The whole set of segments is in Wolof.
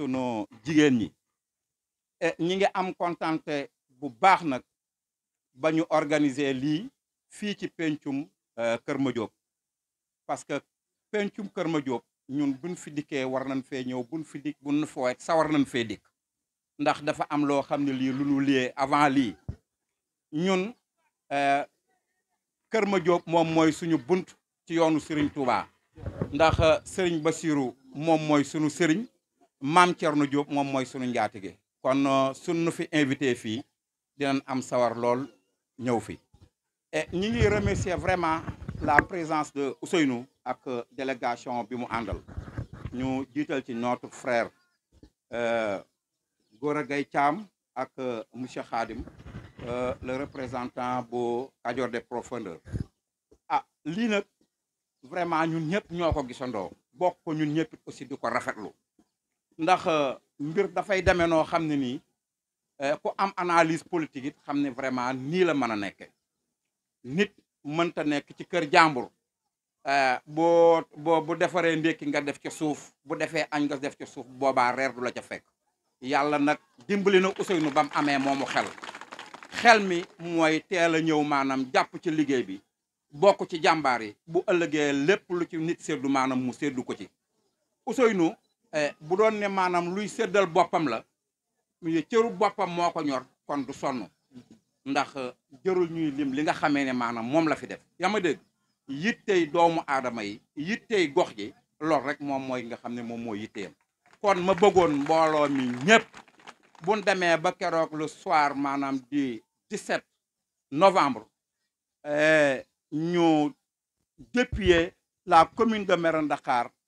sunu jigéen ñi e, ñi ngi am kontante bu baax nag ba ñu organiser lii fii ci pencum e, Kër Madiop parce que pencum Kër Madiop ñun buñ fi dikkee war nañ fee ñëw buñ fi dikk buñ fooy sawar nañ fee dikk ndax dafa am loo xam ne lii lu ñu liyee avant lii ñun e, Kër Madiop moom mooy suñu bunt ci yoonu Serigne Touba ndax Serigne Bassirou moom mooy suñu mam Thierno Diop mom moy sunu njaatige kon euh, sunu fi invité fii dinañ am sawar lool ñew fi et ñi ngi remercier vraiment la présence de Ousseynou ak euh, délégation bi mu andal ñu jiital ci notre frère euh, Gora gaye Cham ak monsieur Khadim le représentant bo Kajoor des profondeurs ah li nak vraiment ñun ñëpp ñoko gissando gisandoo bokk ñun ñëpp aussi diko ko rafetlu ndax euh, mbir dafay demee noo xam ne nii euh, ku am analise politique xam ne vraiment nii la mën a nekke nit mënta nekk ci kër jàmbur e euh, bo bu defaree ndekki nga def ci suuf bu defee añ nga def ci suuf boobaa reer du la ca fekk yàlla nag dimbali na Ousseynou ba mu amee moomu xel xel mi mooy teel a ñëw maanaam jàpp ci liggéey bi bokk ci jàmbaar yi bu ëllëgee lépp lu ci nit seddu maanaam mu seddu ko ci Ousseynou Eh, bu doon ne maanaam luy séddal boppam la cëru boppam moo ko ñor kon du sonn ndax eh, jërul ñuy lim li nga xamee ne maanaam moom la fi def yaa ma dégg yittey doomu aadama yi yittey gox ji loolu rek moom mooy nga xam ne moom mooy yitteyam kon ma bëggoon mbooloo mi ñëpp buñ demee ba keroog le soir maanaam di 17 novembre eh, ñu dépuyer la commune de Mérina Dakhar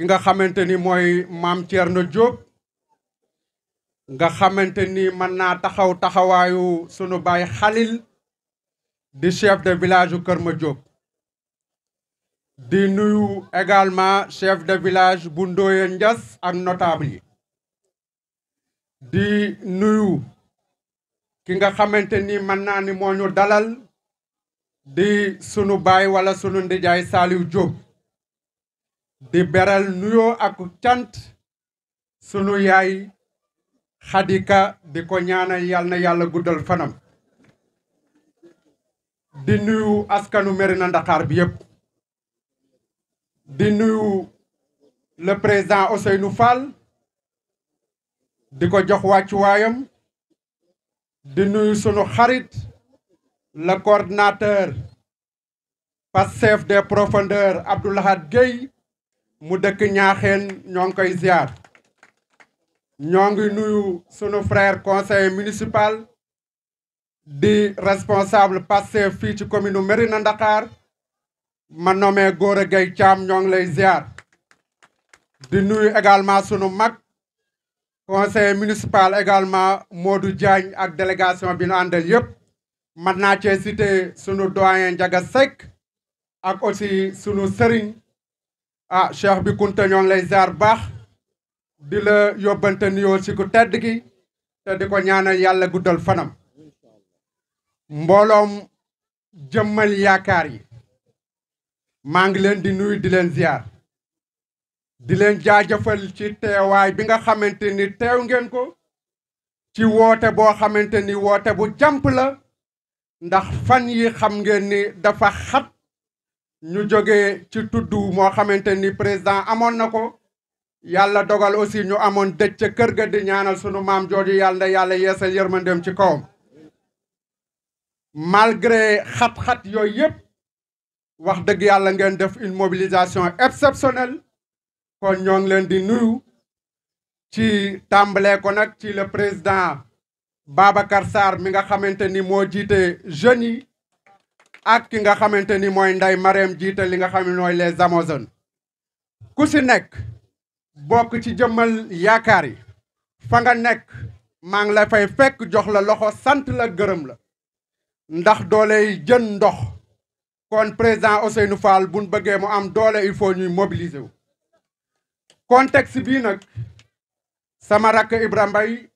ki nga xamante ni mooy maam Thierno Diop nga xamante ni mën naa taxaw taxawaayu sunu baay Khalil di chef de village u Kër Madiop di nuyu également chef de village bu Ndoyen njas ak notable yi di nuyu ki nga xamante ni mën naa ni moo ñu dalal di sunu baay wala sunu ndijaay Saliou Diop di beral nuyoo ak cant sunu yaay xadika di ko ñaanal yal na yàlla guddal fanam di nuyu askanu Mérina Ndakhar bi yépp di nuyu le président Ousseynou Fall di ko jox wàccuwaayam di nuyu sunu xarit la le coordinateur Pastef des profondeurs Abdoulahad Gueye mu dëkk ñaaxeen ñoo ngi koy ziar ñoo ngi nuyu sunu frère conseil municipal di responsable Pastef fii ci commune u Mérina Ndakhar ma nommé Gora Gueye Thiam ñoo ngi lay ziar di nuyu également sunu mag conseil municipal également Modou Diagne ak délégation bi nu àndal yëpp mën naa cee cité sunu doyen njaga Seck ak aussi sunu sëriñ a ah, Cheikh bi Kunta lay ziar baax di la yóbbante nuyoo si ku tedd gi te di ko ñaanal yàlla guddal fanam mbooloom jëmmal yaakaar yi maa ngi leen di nuyu di leen ziar di leen jaajëfal ci teewaay bi nga xamante ni teew ngeen ko ci woote boo xamante ni woote bu jàmp la ndax fan yi xam ngeen ni dafa xat ñu jóge ci tudd moo xamante ni président amoon na ko yàlla dogal aussi ñu amoon dëj ca kër ga di ñaanal sunu maam jooju yàlla yàlla yeesal yërmandeem ci kawam malgré xat-xat yooyu yëpp wax dëgg yàlla ngeen def une mobilisation exceptionnelle kon ñoo ngi leen di nuyu ci tàmbalee ko nag ci la président Babacar Sarr mi nga xamante ni moo jiite jeunes yi ak ki nga xamante ni mooy Ndeye Marème jiite li nga xam ne mooy les Amazones ku si nekk bokk ci jëmmal yaakaar yi fa nga nekk maa ngi la fay fekk jox la loxo sant la gërëm la ndax dooley jën ndox kon président Ousseynou Fall buñ bëggee mu am doole il faut ñuy mobiliser wu si bii nag sama rakk Ibra Mbaye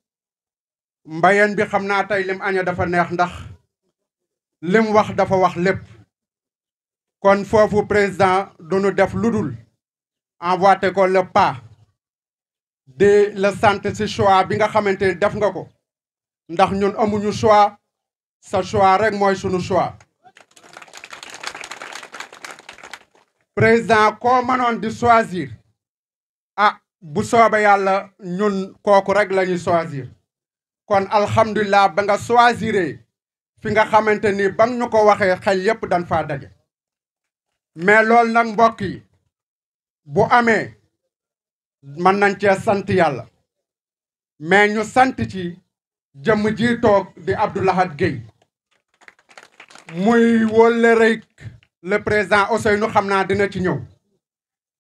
mbayeen bi xam naa tey lim aña dafa neex ndax li mu wax dafa wax lépp kon foofu président du duñu def lu dul envoyé ko le pas di la sant ci choix bi nga xamante ne def nga ko ndax ñun amuñu choix sa choix rek mooy suñu choix président ko mënoon di choisir ah bu soobee yàlla ñun kooku rek la ñuy choisir kon alhamdulilah ba nga choisiree fi nga xamante ni ba ñu ko waxee xel yépp dañ fa daje mais loolu nag mbokk yi bu amee mën nañ cee sant yàlla mais ñu sant ci jëmm ji toog di Abdou Lahad Guèye muy wólle rek le président Ousseynou xam naa dina ci ñëw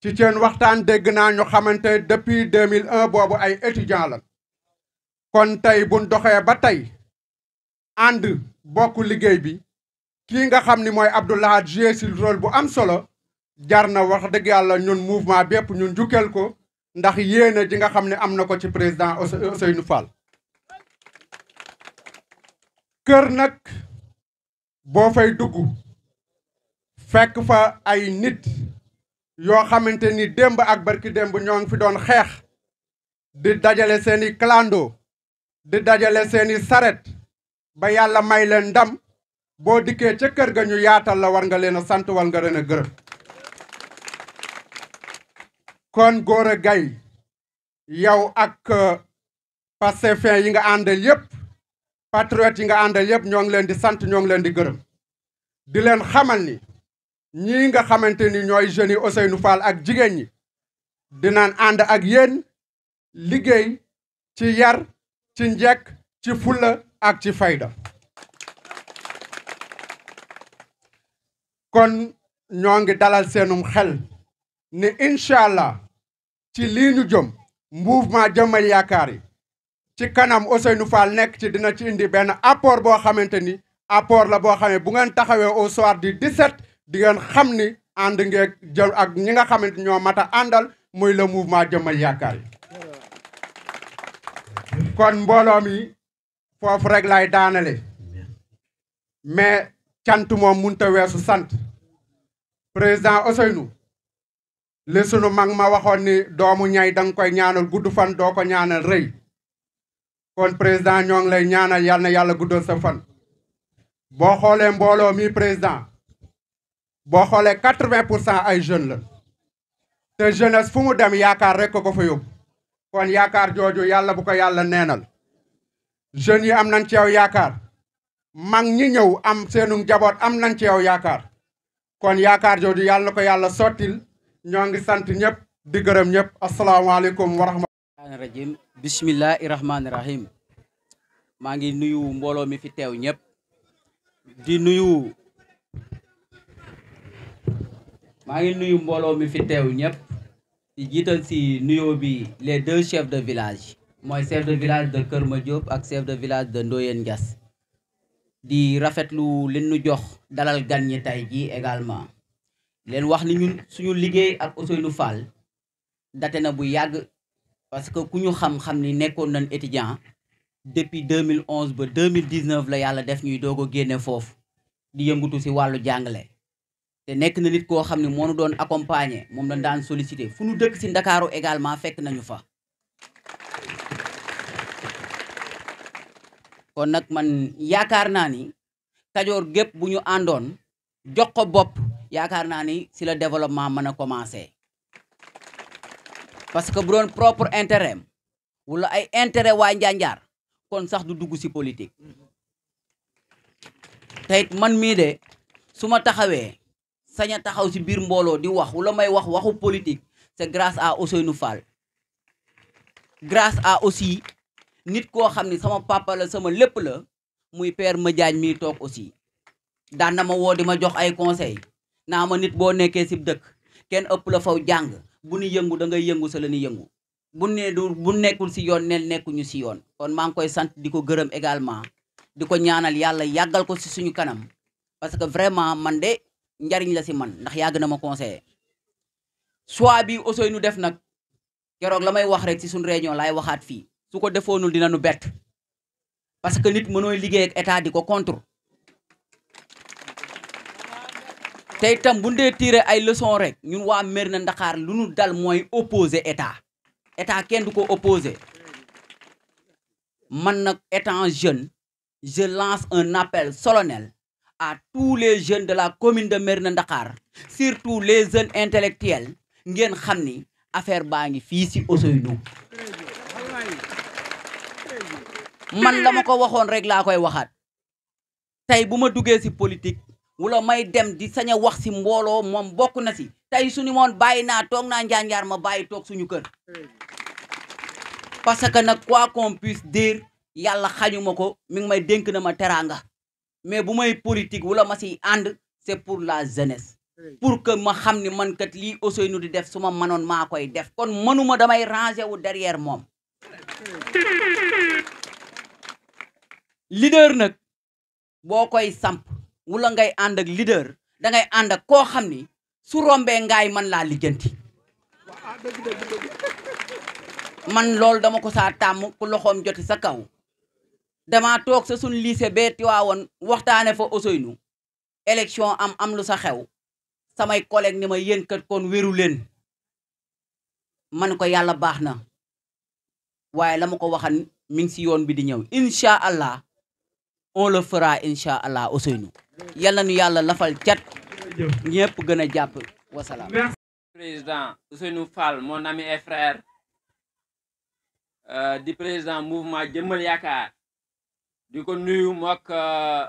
ci seen waxtaan dégg naa ñu xamante depuis 2001 boobu ay étudiant la kon tey buñ ba tey ànd bokk liggéey bi kii nga xam ni mooy Abdou Lahad joué si rôle bu am solo jar na wax dëgg yàlla ñun mouvement bépp ñun jukkeel ko ndax yéene ji nga xam ne am na ko ci président Ousseynou fal kër nag boo fay dugg fekk fa ay nit yoo xamante ni démb ak barki démb ñoo ngi fi doon xeex di dajale seeni clando di dajale seeni saret ba yàlla may leen ndam boo dikkee ca kër ga ñu yaatal la war nga leen a sant war nga leen a gërëm kon Gora Gaye yow ak euh, fin yi nga àndal yépp patriote yi nga àndal yépp ñoo ngi leen di sant ñoo ngi leen di gërëm di leen xamal ni ñii nga xamante ni ñooy jeunes yi nu Fall ak jigéen ñi dinaan ànd ak yéen liggéey ci yar ci njekk ci fulla actified kon ñoo ngi dalal senum xel ne inshallah allah ci li ñu jom mouvement jëmmal yaakar yi ci kanam Ousseynou Fall nek ci dina ci indi ben apport bo xamanteni ni apport la bo xamé bu ngeen taxawé au soir du 17 di ngeen xamni and ànd jël ak ñi nga xamanteni ñoo mata andal moy le mouvement jëmmal yaakar yi kon mbolo mi foofu rek lay daanale mais cant moom munta weesu sant président Ousseynou li sunu mag ma waxoon ni doomu ñay danga koy ñaanal gudd fan doo ko ñaanal rëy kon président ñoo ngi lay ñaanal yal na yàlla guddal sa fan boo xoolee mbooloo mi président boo xoolee quatre-vingt pour cent ay jeunes la te jeunesse fu mu dem yaakaar rek ko ko fa yóbbu kon yaakaar jooju yàlla bu ko yàlla neenal jeunes yi am nañ ci aw yaakaar mag ñi ñëw am seenu njaboot am nañ ci yow yaakaar kon yaakaar jooju yàlla na ko yàlla sottil ñoo ngi sant ñëpp di gërëm ñëpp asalaamaaleykum wa rahmatullahi rajim bismillahi rahmaani rahim maa ngi nuyu mbooloo mi fi teew ñëpp di nuyu maa ngi nuyu mbooloo mi fi teew ñëpp di jiital si nuyoo bi les deux chefs de village mooy chef de village de Kër Madiop ak chef de village de Ndoyen Ndias di rafetlu li nu jox dalal gan ñi tey jii également leen wax ni ñun suñu liggéey ak Ousseynou Fall date na bu yàgg parce que ku ñu xam-xam ni nekkoon nañ étudiant depuis 2011 ba 2019 la yàlla def ñuy doog a génne foofu di yëngutu ci wàllu jàngale te nekk na nit koo xam ne moo nu doon accompagner moom lañ daan solliciter fu nu dëkk ci Ndakaaru également fekk nañu fa kon nak man yaakar naani ni gep buñu andon jox ko sila yaakar naani ni si la développement meuna commencer parce que bu done propre intérêt wala ay intérêt wa njanjar kon sax du dugg ci politique man mide de suma taxawé saña taxaw si bir mbolo di wax wala may wax waxu politique c'est grâce à Ousseynou Fall grâce à aussi nit koo xam ni sama papa sama lépp la muy père Madiagne mii toog aussi daan na ma woo di ma jox ay conseil naa ma nit boo nekkee sib dëkk kenn ëpp la faw jàng bu nu yëngu da ngay yëngu sa la nu yëngu bu ne du bu nekkul si yoon ne nekkuñu si yoon kon maa ngi koy sant di ko gërëm également di ko ñaanal yàlla yàggal ko si suñu kanam parce que vraiment man de njariñ la si man ndax yàgg na ma conseillé choix bi nu def nag keroog la may wax rek si suñu réunion laay waxaat fii su ko defoonul dina bett parce que nit mënooy liggéey ak état diko contre te itam bu ndee tiré ay leçon rek ñun waa Mérina ndakar lu nu dal moy opposé état état kenn duko ko opposé man nak étant jeune je lance un appel solennel à tous les jeunes de la commune de Merne Dakhar surtout les jeunes intellectuels ngeen xamni affaire baangi fi fii ci Ousseynou man la ma ko waxoon rek laa koy waxaat tey bu ma duggee si politique wala may dem di saña wax si mbooloo moom bokk na ci tey suñu moon bàyyi naa toog naa njaanjaar ma bàyyi toog suñu kër parce que nag quoi qu'on puisse dire yàlla xañuma ko mi ngi may dénk na ma teraanga mais bu may politique wala ma ciy ànd c'est pour la jeunesse pour que ma xam ni man kat lii Ousseynou di def su ma mënoon maa koy def kon mënuma damay ranger wu derrière moom leader nag boo koy samp wala ngay àndak ak dangay àndak koo xam ni su rombee ngaay man laa lijjanti man loolu dama ko saa tàmm ku loxoom joti sa kaw dama toog sa sun lycée bee Tiwaawoon waxtaane fa Ousseynou élection am am lu sa xew samay collègue ni ma yéen kon wéru leen man ko yàlla baax na waaye la ma ko waxan mi ngi si yoon bi di ñëw incha allah on le fera allah Ousseynou yal nañu yàlla lafal cat ñëpp gën a jàpp wasalaam. merci président Ousseynou Fall mon ami et frère euh, di président mouvement jëmmal yaakaar di ko nuyu mook euh,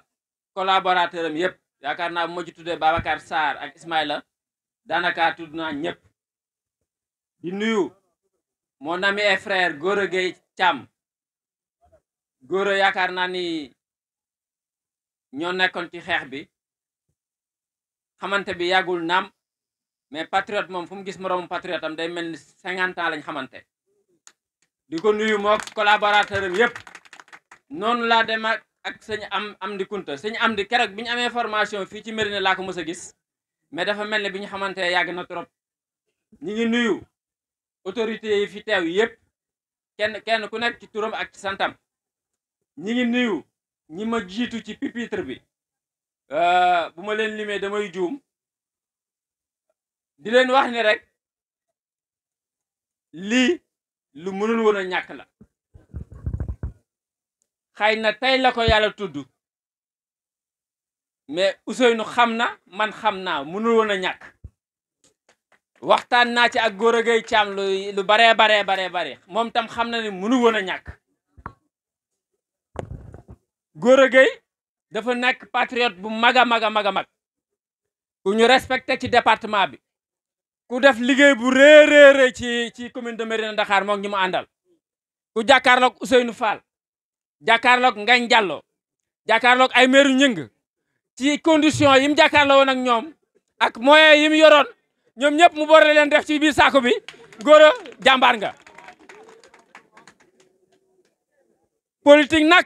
collaborateur am yëpp yaakaar naa bu ma ci ak Ismaïla daanaka tudd naa di nuyu mon ami et frère Gora Gueye Thiam ñoo nekkoon ci xeex bi xamante bi yàggul naam mais patriote moom fu mu gis moroomu patriote am day mel ni cinquante ans lañ xamante di ko nuyu moo collaborateur am yépp noonu laa dem ak sëñ am am di kunta sëñ am di keroog bi ñu amee formation fii ci Médina laa ko mës a gis mais dafa mel ni bi ñu xamante yàgg na trop ñi ngi nuyu autorité yi fi teew yépp kenn kenn ku nekk ci turam ak ci santam ñi ngi nuyu ñi ma jiitu ci pipitre bi euh, bu ma leen limee damay juum di leen wax ni rek lii lu mënul woon a ñàkk la xëy na tey la ko yàlla tudd mais nu xam na man xam naa mënul woon a ñàkk waxtaan naa ci ak góor a gay caam lu lu baree baree baree bare moom tam xam na ni mënul woon a ñàkk Gora Gueye dafa nekk patriote bu mag a mag a mag a mag ku ñu respecté ci département bi ku def liggéey bu re ci ci commune de Mérina Dakhar moom ñi mu àndal ku jàkkaarloog Ousseynou Fall jàkkaarloog Ngagne Diallo jàkkaarloog ay meeru ñëng ci condition yi mu jàkkaarloo woon ñoom ak moyens yi mu yoroon ñoom ñëpp mu boole leen def ci biir saako bi Gora jàmbaar nga politique nag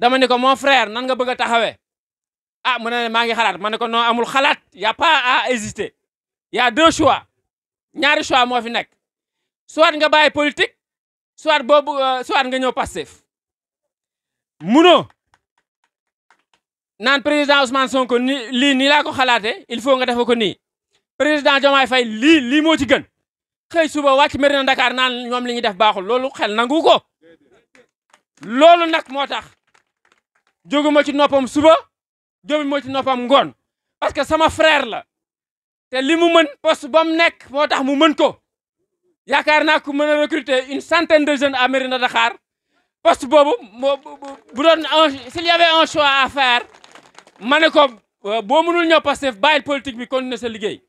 dama ne ko mon frère nan nga bëgg a ah mu ne ma ngi xalat mané ko non amul xalaat ya a pas à hésiter y' deux choix ñaari choix mo fi nek soit nga baye politique soit bo euh, soit nga ñëw passif munoo nan président Ousmane Sonko ni li ni la ko xalaté il faut nga defe ko ni. président Jomay Faye li li mo ci gën xey suba wacc Mérina Dakar nan ñom li ñuy def baaxul lolu xel nangu lolu nak motax jógu ma ci noppam suba jógu mo ci nopam ngoon parce que sama frère la té limu mu mën poste bam nek motax mu mën ko yaakaar naa meuna a recruter une centaine de jeunes à Mérina Dakar poste bobu bu doon s'il y avait un choix à faire ma ne ko euh, boo mënul ñëw Pastef bail politique bi continuer sa liggéey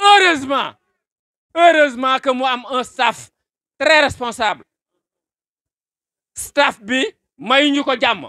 heureusement heureusement que mu am un staff très responsable staff bi may ñuko jamm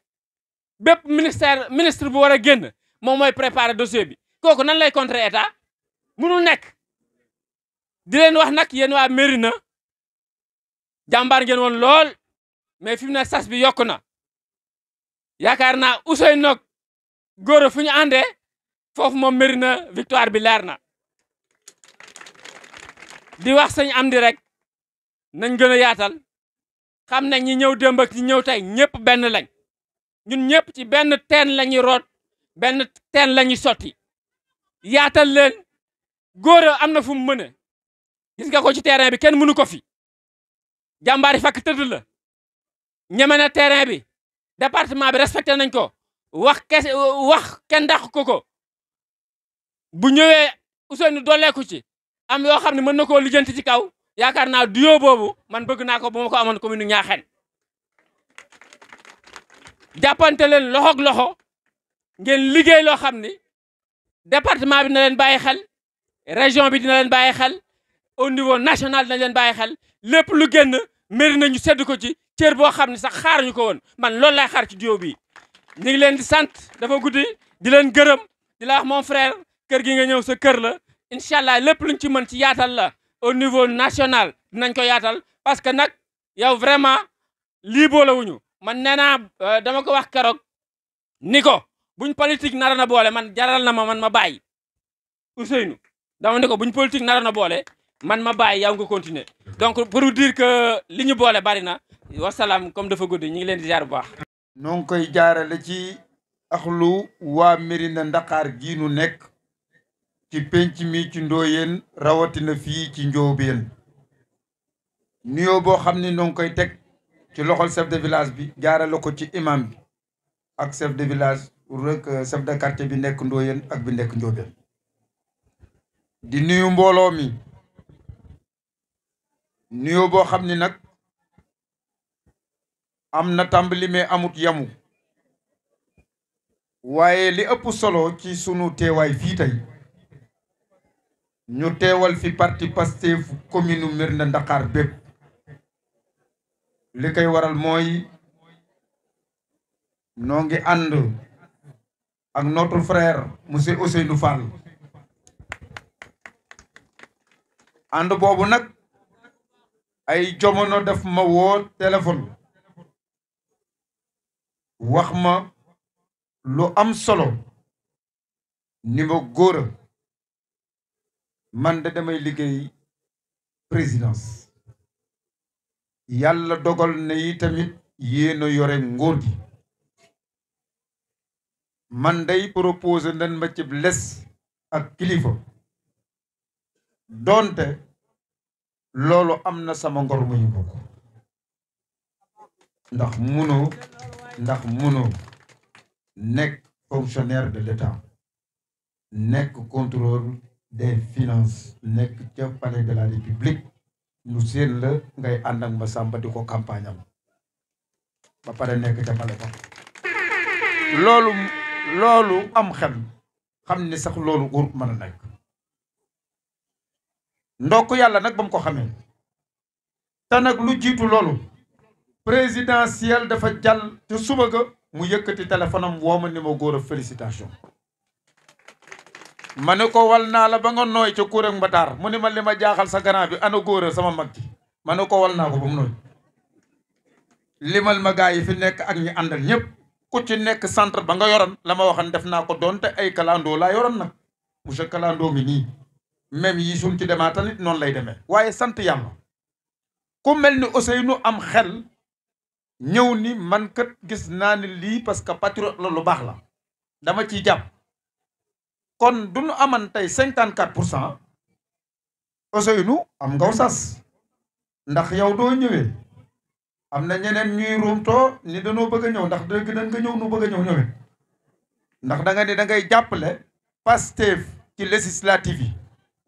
bépp ministère ministre bu war a génn moom mooy préparer dossier bi kooku nan lay contrer état munul nekk di leen wax nag yéen waa Mérina jàmbaar ngeen woon lool mais fi mu ne sas bi yokku na yaakaar naa Ousseynou góor a àndee foofu moom Mérina victoire bi leer na di wax sëñ Amdi rek nañ gën a yaatal xam ne ñi ñëw démb ak ñi ñëw tey ñëpp benn lañ ñun ñëpp ci benn teen la ñuy root benn teen la ñuy sotti yaatal leen góor am na fu mu mën gis nga ko ci terrain bi kenn mënu ko fi jàmbaari fakk tëdd la ñeme na terrain bi département bi respecté nañ ko wax ke wax kenn dàq ko ko bu ñëwee Ousseynou dooleeku ci am yoo xam ne mën na koo lijjanti ci kaw yaakaar naa duyoo boobu man bëgg naa ko bu ma ko amoon commune Niakhène jàppante leen loxoog loxo ngeen liggéey lo xam département bi na len baye xel région bi dina len baye xel au niveau national na len baye xel lepp lu génn mer nañu sedd ko ci cër bo xam ne sax xaaruñu ko won man lool lay xaar ci duo bi ñu ngi len di sante dafa goudi di len gërëm di la wax mon frère kër gi nga ñew sa kër la inshallah lepp luñ ci mën ci yaatal la au niveau national dinañ ko yaatal parce que nak yow vraiment libo la wuñu man nee naa euh, dama ko wax keroog ni ko buñ politique naroon a boole man jaral na ma man ma bàyyi Ousseynou dama ni ko buñ politique naroon a boole man ma bàyyi yaw nga continuer donc pour dire que li ñu boole bari na wasalaam comme dafa guddi ñu ngi leen di jaar baax. noo ngi koy jaarale ci axlu waa Mérina Ndakaar gii nu nekk ci penc mi ci Ndoyeen rawatina fii ci Njóobeen nuyoo boo xam ne noo ngi koy teg. ci loxol chef de village bi jaarale ko ci imam bi ak chef de village pour rek euh, chef de quartier bi nekk Ndoyeen ak bi nekk Njóobeen di nuyu mbooloo mi nuyu boo xam ni nag am na tàmbali mais amut yamu waaye li ëpp solo ci sunu teewaay fii ñu teewal fi parti Pastef commune Mérina Dakhar bépp li koy waral mooy noo ngi ànd ak notre frère monsieur Ousseynou Fall ànd boobu nag ay jamono daf ma woo téléphone wax ma lu am solo ni ma góora man de damay liggéey présidence yàlla dogal na yi tamit yéen yore nguur gi man day proposé nan ma cib les ak kilifa doonte loolu am na sama ngor muy bokk ndax munoo ndax muno nekk fonctionnaire de l'État nekk contrôle des finances nekk ca palais de la République lu seen la ngay ànd ak Masamba di ko campagne am ba pare nekk ca pale ba loolu loolu am xel xam ni sax loolu urut mën a nekk ndokk yàlla nag ba mu ko xamee te nag lu jiitu loolu présidentiel dafa jàll te suba ga mu yëkkati téléphone am woo ma ni ma félicitation ma ne ko wal naa la ba nga nooy ca kuréel mbataar mu ne ma li ma jaaxal sa grand bi ana góora sama mag ji ma ne ko wal naa ko ba mu nooy limal ma gaa yi fi nekk ak ñi àndal ñëpp ku ci nekk centre ba nga yoron la ma waxan def naa ko doonte ay kalandoo laa yoroon na monsieur kalandoo mi nii même yi suñ ci demaa tamit noonu lay demee waaye sant yàlla ku mel ni Ousseynou am xel ñëw ni man kat gis naa ni lii parce que patriote la lu baax la dama ciy jàpp kon du nu aman tey cinquante quatre pour cent Ousseynou am ngaw sas ndax yow doo ñëwee am na ñeneen ñuy ruumtoo ni danoo bëgg a ñëw ndax dëgg dañ nga ñëw nu bëgg a ñëw ñëwee ndax da nga da ngay jàppale Pastef ci législative yi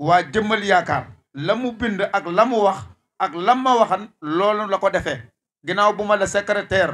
waa jëmmal yaakaar la mu bind ak la mu wax ak la ma waxan loolu la ko defee ginnaaw bu ma la secrétaire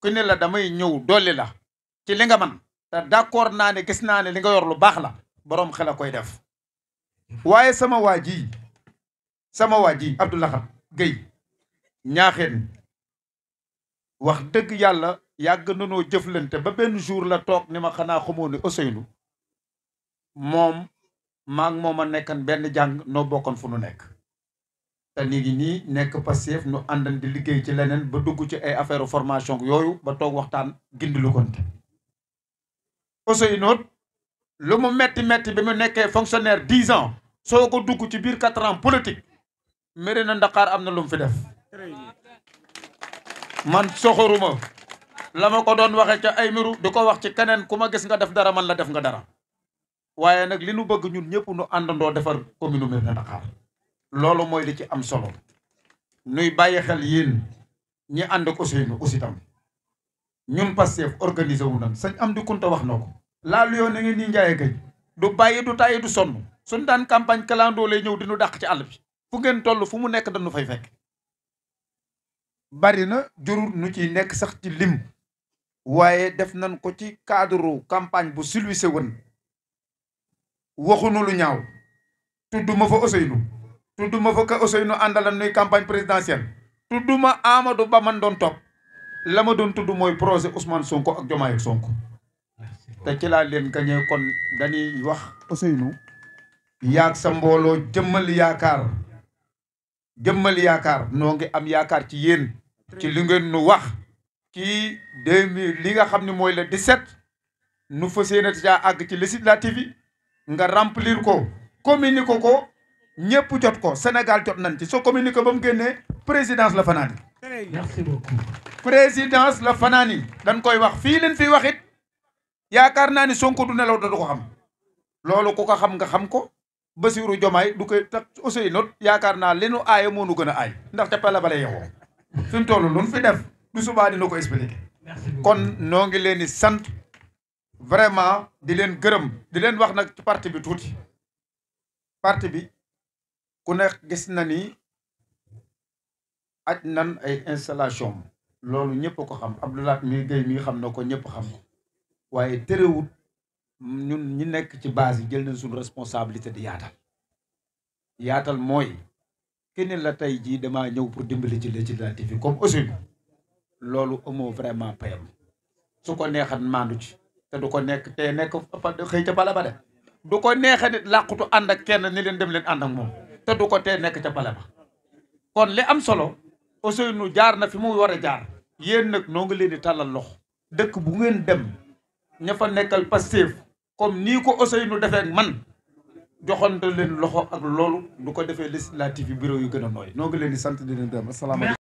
ku ne la damay ñëw dolli la ci li nga man te d'accord naa ne gis naa ne li nga yor lu baax la boroom xel koy def waaye sama waa ji sama waa ji Abdou Lahad Gueye ñaaxeen wax dëgg yàlla yàgg nanoo jëflante ba benn jour la toog ni ma xanaa xamoo ne Ousseynou moom maa ngi moom a nekkan benn jàng noo bokkoon fu nu nekk te ni nek passif nu andal di liggéey ci lenen ba dugg ci ay affaire formation yoyu ba toog waxtaan gindi lu konte Ousseynou lu mu metti metti bima mu fonctionnaire 10 ans soko dugg ci bir 4 ans politique mari na Ndakaar lu mu fi def man soxoruma lama ko don waxe ci ay miru diko wax ci kenen kuma gis nga def dara man la def nga dara waye nak li nu bëgg ñun ñëpp nu andando defar commune Mérina ndakar loolu mooy li ci am solo nuy bàyyi xel yéen ñi ànd ak Ousseynou aussi tam ñun Pastef organisé wu nan sañ am di kunta wax na ko laa luyoo na ngeen ni njaaye gëj du bàyyi du tàyyi du sonn suñ daan campagne kalandoo lay ñëw dinu daq ci àll bi fu ngeen toll fu mu nekk dañu fay fekk bari na jurul nu ci nekk sax ci lim waaye def nañ ko ci cadre campagne bu silwise wën waxunu lu ñaaw tudduma fa Ousseynou tuduma fa ka Ousseynou andalan noy campagne présidentielle tuduma Amadou baman don top lama don tudu moy projet Ousmane Sonko ak Diomaye Sonko te ci la len kon dani wax Ousseynou yak sa mbolo jëmmal yakar. jëmmal yakar, no ngi am yaakaar ci yeen ci li ngeen nu wax ci 2000 li nga xamni moy le 17 nu fa séenati caa ci législative nga remplir ko communiquer ko ñepp jot ko Sénégal jot nañ ci so communiqué bam mu présidence la fanani merci beaucoup présidence la fanani dañ koy wax fi leen fi waxit yaakar naani ni Sonko du nelaw da du ko xam loolu ko ko xam nga xam ko Basiru jomay du koy tax aussi not yaakar na leenu nu mo nu gëna ay ndax té pala balé yéwo fi mu luñ fi def du subaa dina ko expliqué kon no ngi leen sante vraiment di leen gërëm di leen wax nak ci parti bi touti parti bi ku ne gis na ni aj nan ay installation loolu ñëpp ko xam Abdoulaye mi Guèye mi xam na ko ñëpp xam waaye terewut ñun ñi nekk ci base yi jël nañ suñu responsabilité di yaatal yaatal mooy keneen la tey jii damaa ñëw pour dimbali ci législatif yi comme aussi loolu amoo vraiment payam su ko neexat maandu ci te du ko nekk te nekk xëy ca bala ba de du ko neexee nit làqutu ànd ak kenn ni leen dem leen ànd ak moom te du ko tee nekk ca pale ma kon li am solo Ousseynou jaar na fi mu war a jaar yéen nag noo ngi leen di tàllal loxo dëkk bu ngeen dem ña fa nekkal Pastef comme nii ko Ousseynou defee ak man joxante leen loxo ak loolu du ko defee législative yi bureau yu gën a nooy noo ngi leen di sant di leen gërëm asalaamaaleykum